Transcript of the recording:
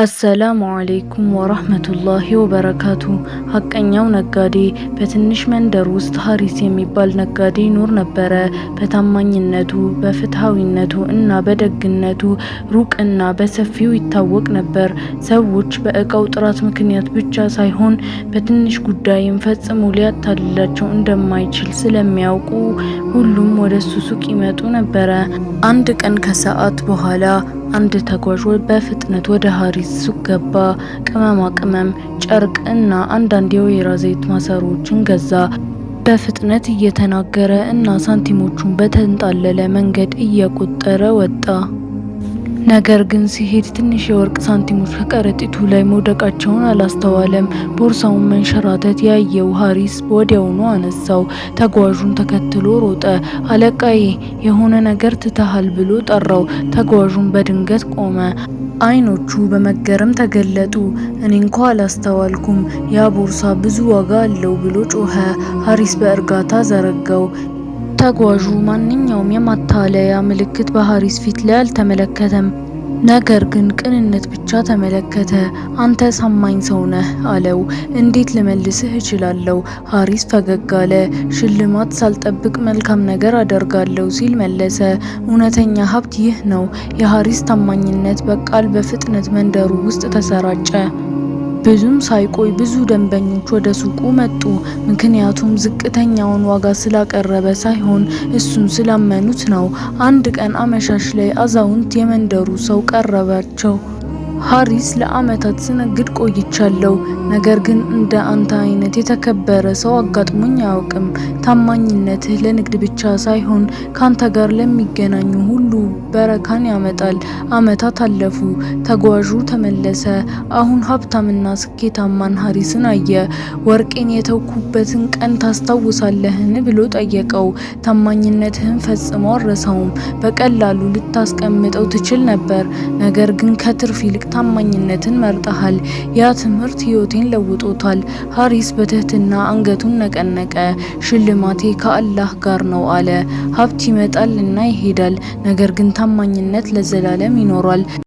አሰላሙ አሌይኩም ወራህመቱላሂ ወበረካቱ። ሀቀኛው ነጋዴ። በትንሽ መንደር ውስጥ ሀሪስ የሚባል ነጋዴ ይኖር ነበረ። በታማኝነቱ፣ በፍትሐዊነቱ እና በደግነቱ ሩቅና በሰፊው ይታወቅ ነበር። ሰዎች በእቃው ጥራት ምክንያት ብቻ ሳይሆን በትንሽ ጉዳይም ፈጽሞ ሊያታልላቸው እንደማይችል ስለሚያውቁ ሁሉም ወደ እሱ ሱቅ ይመጡ ነበረ። አንድ ቀን ከሰዓት በኋላ አንድ ተጓዥ በፍጥነት ወደ ሀሪስ ሱቅ ገባ። ቅመማ ቅመም፣ ጨርቅ እና አንዳንድ የወይራ ዘይት ማሰሮዎችን ገዛ። በፍጥነት እየተናገረ እና ሳንቲሞቹን በተንጣለለ መንገድ እየቆጠረ ወጣ። ነገር ግን ሲሄድ ትንሽ የወርቅ ሳንቲሞች ከከረጢቱ ላይ መውደቃቸውን አላስተዋለም። ቦርሳውን መንሸራተት ያየው ሀሪስ ወዲያውኑ አነሳው። ተጓዡን ተከትሎ ሮጠ። አለቃዬ የሆነ ነገር ትተሃል ብሎ ጠራው። ተጓዡን በድንገት ቆመ። አይኖቹ በመገረም ተገለጡ። እኔ እንኳ አላስተዋልኩም፣ ያ ቦርሳ ብዙ ዋጋ አለው ብሎ ጮኸ። ሀሪስ በእርጋታ ዘረጋው። ተጓዡ ማንኛውም የማታለያ ምልክት በሃሪስ ፊት ላይ አልተመለከተም። ነገር ግን ቅንነት ብቻ ተመለከተ። አንተ ሳማኝ ሰው ነህ አለው። እንዴት ልመልስህ እችላለሁ? ሃሪስ ፈገግ አለ። ሽልማት ሳልጠብቅ መልካም ነገር አደርጋለሁ ሲል መለሰ። እውነተኛ ሀብት ይህ ነው። የሃሪስ ታማኝነት በቃል በፍጥነት መንደሩ ውስጥ ተሰራጨ። ብዙም ሳይቆይ ብዙ ደንበኞች ወደ ሱቁ መጡ። ምክንያቱም ዝቅተኛውን ዋጋ ስላቀረበ ሳይሆን እሱን ስላመኑት ነው። አንድ ቀን አመሻሽ ላይ አዛውንት የመንደሩ ሰው ቀረባቸው። ሃሪስ ለአመታት ስነግድ ቆይቻለሁ። ነገር ግን እንደ አንተ አይነት የተከበረ ሰው አጋጥሞኝ አያውቅም። ታማኝነትህ ለንግድ ብቻ ሳይሆን ካንተ ጋር ለሚገናኙ ሁሉ በረካን ያመጣል። አመታት አለፉ። ተጓዡ ተመለሰ። አሁን ሀብታምና ስኬታማን ሃሪስን አየ። ወርቄን የተውኩበትን ቀን ታስታውሳለህን? ብሎ ጠየቀው። ታማኝነትህን ፈጽሞ አልረሳውም። በቀላሉ ልታስቀምጠው ትችል ነበር፣ ነገር ግን ከትርፍ ይልቅ ታማኝነትን መርጠሃል። ያ ትምህርት ህይወቴን ለውጦታል። ሀሪስ በትህትና አንገቱን ነቀነቀ። ሽልማቴ ከአላህ ጋር ነው አለ። ሀብት ይመጣልና ይሄዳል፣ ነገር ግን ታማኝነት ለዘላለም ይኖራል።